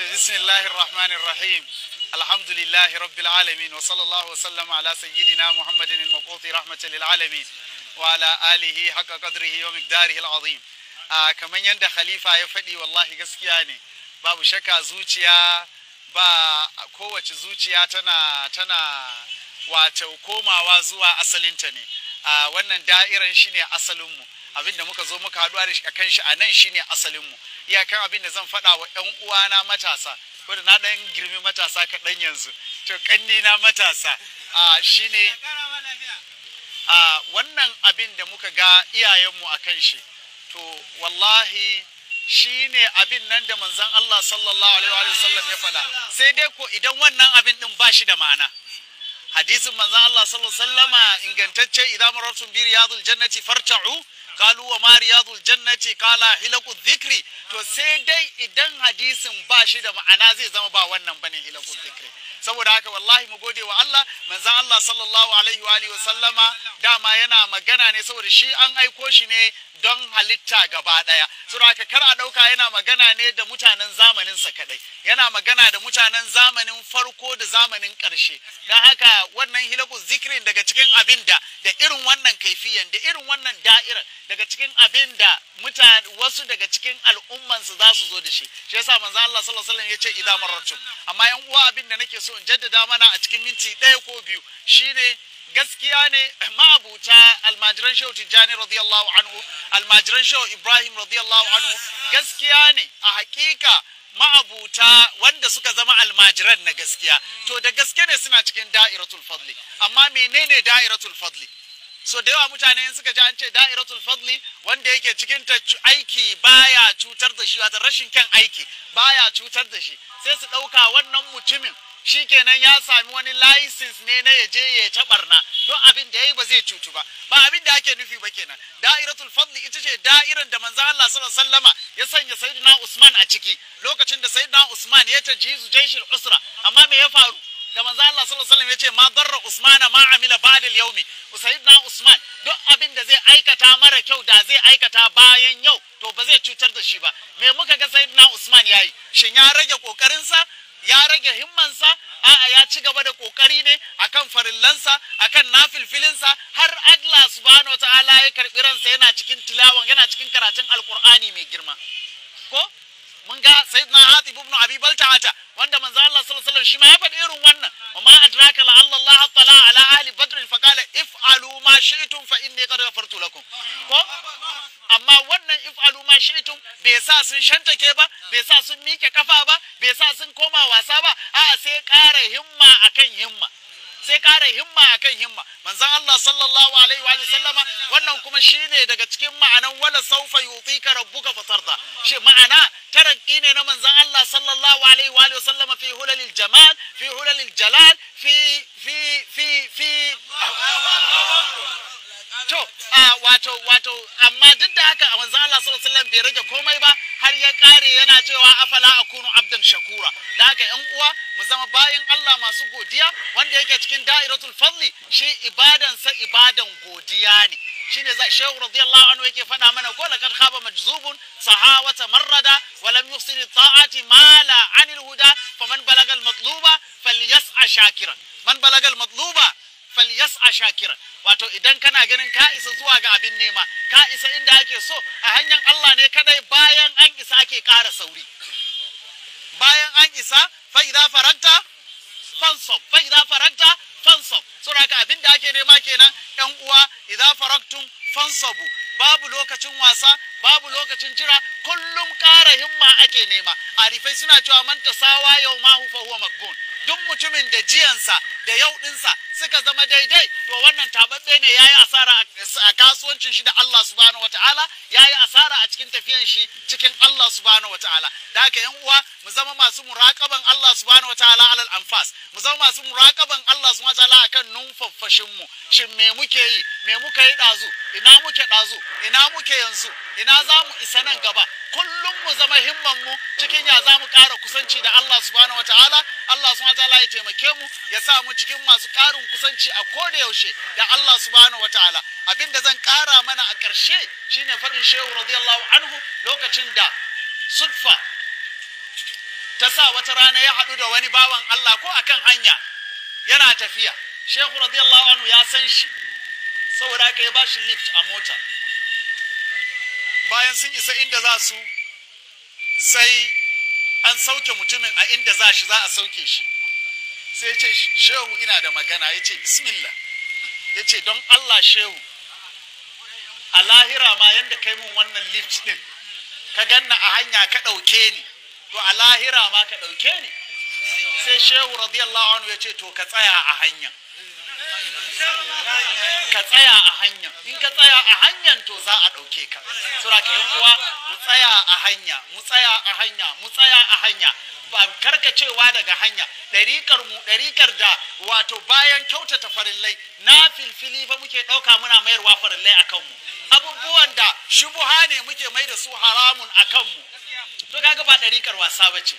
بسم الله الرحمن الرحيم الحمد لله رب العالمين وصلى الله وسلم على سيدنا محمد المبعوث رحمة للعالمين وعلى آله حق قدره ومقداره العظيم آه كمان يند خليفة يفدي والله قسكياني babu shakka zuciya ba kowace zuciya tana tana wato komawa zuwa asalinta ne a wannan da'iran shine asalinmu abinda muka zo muka haɗuwa da kan shi a nan shine asalinmu iyakan abin da zan faɗa wa 'yan uwana matasa da na ɗan girmi matasa kaɗan yanzu to ƙanni na matasa shine wannan abin da muka ga iyayenmu a kan shi to wallahi shi ne abin nan da manzan Allah sallallahu alaihi wasallam ya faɗa sai dai ko idan wannan abin ɗin ba shi da ma'ana hadisin manzan Allah sallallahu alaihi wasallama ingantacce idan marartum bi riyadul jannati farta'u qalu wa jannati qala hilaqu zikri. to sai dai idan hadisin ba shi da ma'ana zai zama ba wannan bane hilakul zikri saboda haka wallahi mu gode wa Allah manzon Allah sallallahu alaihi wa alihi sallama dama yana magana ne saboda shi an aiko shi ne don halitta gaba daya saboda haka kar a dauka yana magana ne da mutanen zamanin sa kadai yana magana da mutanen zamanin farko da zamanin karshe dan haka wannan hilaku zikirin daga cikin abin da da irin wannan kaifiyan da irin wannan da'irar daga cikin abin da mutane wasu daga cikin al'ummansu za su zo da shi shi yasa manzon Allah sallallahu alaihi wa ya ce idamar marratum amma yan uwa abin da nake so in jaddada mana a cikin minti ɗaya ko biyu shine gaskiya ne ma'abuta almajiran shehu tijjani radiyallahu anhu almajiran shehu ibrahim radiyallahu anhu gaskiya ne a hakika ma'abuta wanda suka zama almajiran na gaskiya to da gaske ne suna cikin da'iratul fadli amma menene da'iratul fadli so da yawa mutane in suka ji an ce da'iratul fadli wanda yake cikin ta aiki baya cutar da shi wata rashin kan aiki baya cutar da shi sai su ɗauka wannan mutumin shi kenan ya sami wani license ne na yaje ya ta barna don abin da yayi ba zai cutu ba ba abin da ake nufi ba kenan da'iratul fadli ita ce da'iran da manzo Allah sallallahu alaihi wasallama ya sanya sayyidina Usman a ciki lokacin da sayyidina Usman ya ta jizu jaishil usra amma me ya faru da manzo Allah sallallahu alaihi wasallam yace ma darra Usmana ma amila ba'dal yaumi Usaidna Usman duk abin da zai aikata mara kyau da zai aikata bayan yau to ba zai cutar da shi ba me muka ga Sayyidina Usman yayi shin ya rage kokarin sa ya rage himmansa a'a ya ci gaba da kokari ne akan farillansa akan nafilfilinsa har Allah subhanahu ta'ala ya karbi ransa yana cikin tilawan yana cikin karatun alkur'ani mai girma ko mun ga sayyidina hatib ibn abi baltata wanda manzo Allah sallallahu alaihi wasallam shi ma ya faɗi irin wannan wa ma adraka la Allah Allah tala ala ahli badr fa qala if'alu ma shi'tum fa inni qad ghafartu lakum ko amma wannan if'alu ma shi'tum bai sa sun shantake ba bai sa sun mike kafa ba bai sa sun koma wasa ba a'a sai ƙara himma akan himma sai ƙara himma akan himma manzon Allah sallallahu alaihi wa sallama wannan kuma shine daga cikin ma'anan wala saufa yutika rabbuka fatarda shi ma'ana tarakki ne na manzon Allah sallallahu alaihi wa sallama fi hulalil jamal fi hulalil jalal fi fi fi fi to wato wato amma duk da haka manzon Allah sallallahu alaihi wasallam bai rage komai ba har ya kare yana cewa afala akunu abdan shakura da haka yan uwa mu zama bayin Allah masu godiya wanda yake cikin da'iratul fadli shi ibadansa ibadan godiya ne shine za shehu radiyallahu anhu yake faɗa mana ko laqad khaba majzubun sahawa tamarrada wa lam yusil ta'ati mala anil huda faman balagal matluba falyas'a shakiran man balagal matluba falyas'a shakiran wato idan kana ganin ka isa zuwa ga abin nema ka isa inda ake so a hanyar Allah ne kadai bayan an isa ake ƙara sauri bayan an isa fa'ida faranta fa fa'ida faranta fansob suna haka abin da ake nema kenan yan uwa idza faraktum fansobu babu lokacin wasa babu lokacin jira kullum ƙara himma ake nema arifai suna cewa manta sawa yau ma huwa magbun duk mutumin da jiyansa da yau ɗinsa suka zama daidai to wannan tababbe ne yayi asara a kasuwancin shi da Allah subhanahu wataala yayi asara a cikin tafiyan shi cikin Allah subhanahu wataala da haka yan uwa mu zama masu muraqaban Allah subhanahu wataala alal anfas mu zama masu muraqaban Allah subhanahu wataala akan numfafashin mu shin me muke yi me muka yi dazu ina muke dazu ina muke yanzu ina za mu isa nan gaba kullum mu zama himman mu cikin ya za mu ƙara kusanci da Allah subhanahu wataala Allah subhanahu wataala ya taimake mu ya sa mu cikin masu ƙarin kusanci a koda yaushe da Allah subhanahu wataala abin da zan ƙara mana a ƙarshe shine faɗin shehu radiyallahu anhu lokacin da sudfa ta sa wata rana ya haɗu da wani bawan Allah ko akan hanya yana tafiya shehu radiyallahu anhu ya san shi saboda haka ya ba shi lift a mota bayan sun isa inda za su sai an sauke mutumin a inda za shi za a sauke shi sai ce shehu ina da magana ya ce bismillah ya ce don allah shehu a lahira ma yadda kai mun wannan lift din ka ganna a hanya ka ɗauke ni to a lahira ma ka ɗauke ni sai shehu radiyallahu anhu ya ce to ka tsaya a hanya ka tsaya a hanya in ka tsaya a hanyar to za a ɗauke ka sura ka uwa mu tsaya a hanya mu tsaya a hanya mu tsaya a hanya ba karkacewa daga hanya ɗariƙar mu ɗariƙar da wato bayan kyautata farillai na filfili ba muke ɗauka muna mayarwa farillai a kanmu abubuwan da shubuha ne muke mai da su haramun a kanmu to kaga ba ɗariƙar wasa ba ce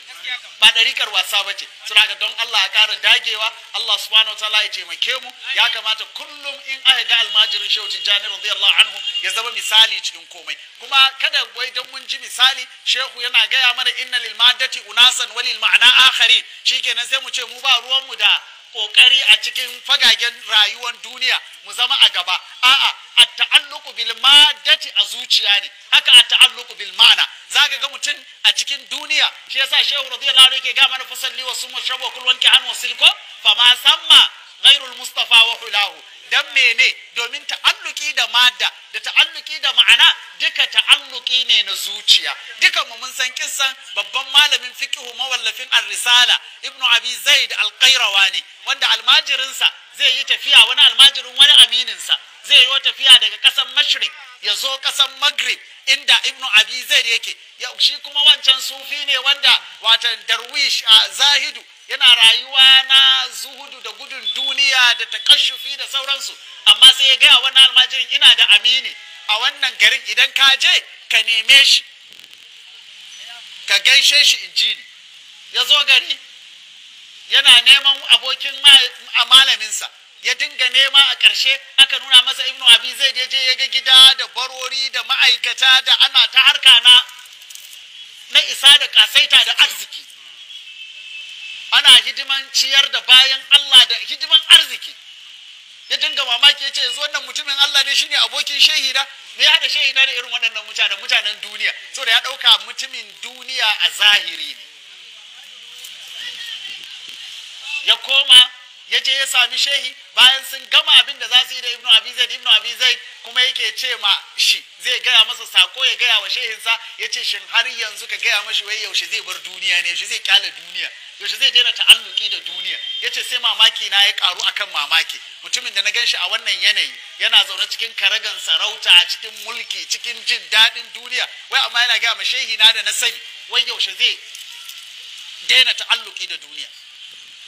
ba ɗariƙar wasa ba suna ga don Allah a ƙara dagewa Allah subhanahu ta'ala ya taimake mu ya kamata kullum in aka ga almajirin shehu tijjani radiyallahu anhu ya zama misali cikin komai kuma kada wai don mun ji misali shehu yana gaya mana inna lil maddati unasan lil ma'ana akhari shikenan sai mu ce mu ba ruwan mu da kokari a cikin fagagen rayuwar duniya mu zama a gaba a'a a ta'alluqu bil maddati a zuciya ne haka a ta'alluqu bil ma'ana zaka ga mutum a cikin duniya shi yasa shehu radiyallahu anhu yake ga mana fasalli wa sumu shabu kul wanki an wasilko fa ma samma ghairul mustafa wa hulahu dan mene domin ta'alluki da madda da ta'alluki da ma'ana duka ta'alluki ne na zuciya duka mu mun san kissan babban malamin fiqhu mawallafin ar-risala ibnu abi zaid al-qayrawani wanda almajirinsa zai yi tafiya wani almajirin wani aminin sa zai yi tafiya daga ƙasar mashrik ya zo kasan magrib inda ibnu abi da yake shi kuma wancan sufi ne wanda watan darwish a zahidu yana rayuwa na zuhudu da gudun duniya da takashufi da sauransu amma sai ya gaya wani almajirin ina da amini a wannan garin idan ka je ka neme shi ka gaishe shi injini ya zo gari yana neman abokin malaminsa ya dinga nema a ƙarshe aka nuna masa ibnu abi zai je je ya ga gida da barori da ma'aikata da ana ta harka na na isa da kasaita da arziki ana hidiman ciyar da bayan Allah da hidiman arziki ya dinga mamaki ya ce yanzu wannan mutumin Allah ne shine abokin shehida me ya haɗa shehida da irin waɗannan mutanen mutanen duniya da ya ɗauka mutumin duniya a zahiri ne ya koma ya je ya sami shehi bayan sun gama abin da za su yi da ibnu abi zaid ibnu abi kuma yake ce ma shi zai gaya masa sako ya gaya wa shehinsa ya ce shin har yanzu ka gaya mashi wai yaushe zai bar duniya ne yaushe zai kyale duniya yaushe zai daina ta'alluki da duniya ya ce sai mamaki na ya karu akan mamaki mutumin da na gan shi a wannan yanayi yana zaune cikin karagan sarauta a cikin mulki cikin jin daɗin duniya wai amma yana gaya ma shehi na da na sani wai yaushe zai daina ta'alluki da duniya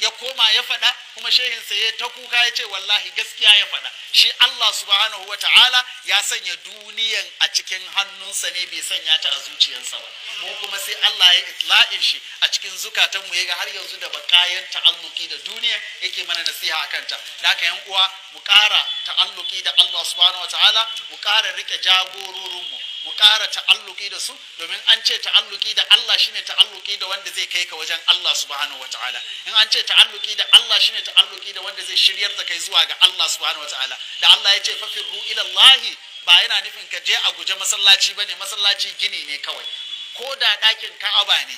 ya koma ya faɗa kuma shehinsa ya ta kuka ya ce wallahi gaskiya ya faɗa shi Allah subhanahu wa ta'ala ya sanya duniyan a cikin hannunsa ne bai sanya ta a zuciyarsa ba mu kuma sai Allah ya itla'in shi a cikin zukatanmu mu yaga har yanzu da bakayan ta'alluki da duniya yake mana nasiha a kanta. da haka yan uwa mu ƙara ta'alluki da Allah subhanahu wa ta'ala mu ƙara riƙe jagororin mu mu ƙara ta'alluki da su domin an ce ta'alluki da Allah shine ta'alluki da wanda zai kai ka wajen Allah subhanahu wataala in an ce ta'alluki da Allah shine ta'alluki da wanda zai shiryar da kai zuwa ga Allah subhanahu wataala da Allah ya ce firru ila Allah ba yana nufin ka je a guje masallaci bane masallaci gini ne kawai ko da ɗakin Ka'aba ne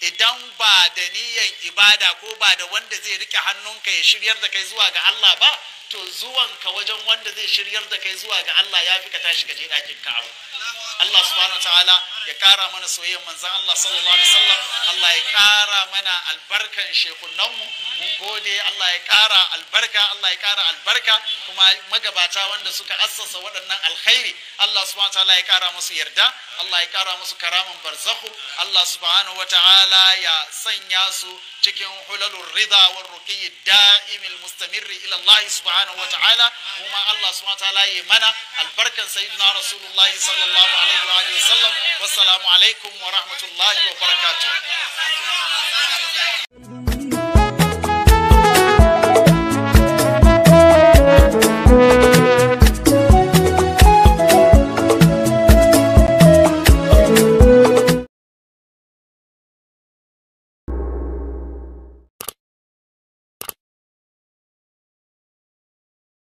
idan ba da niyan ibada ko ba da wanda zai rike hannunka ya shiryar da kai zuwa ga Allah ba to zuwanka wajen wanda zai shiryar da kai zuwa ga Allah ya fi ka tashi ka je ɗakin ka'aba Allah subhanahu ta'ala ya kara mana soyayyar manzon Allah sallallahu alaihi wasallam Allah ya kara mana albarkan shekunan mu mun gode Allah ya kara albarka Allah ya kara albarka kuma magabata wanda suka assasa waɗannan alkhairi Allah subhanahu ta'ala ya kara musu yarda Allah ya kara musu karamin barzahu Allah subhanahu wata'ala ya sanya su cikin hulalur rida war ruqiyyi da'imil mustamirri ila Allah subhanahu ta'ala kuma Allah subhanahu wata'ala ya mana albarkan sayyidina rasulullahi sallallahu alaihi wa sallam wassalamu alaikum wa rahmatullahi wa barakatuh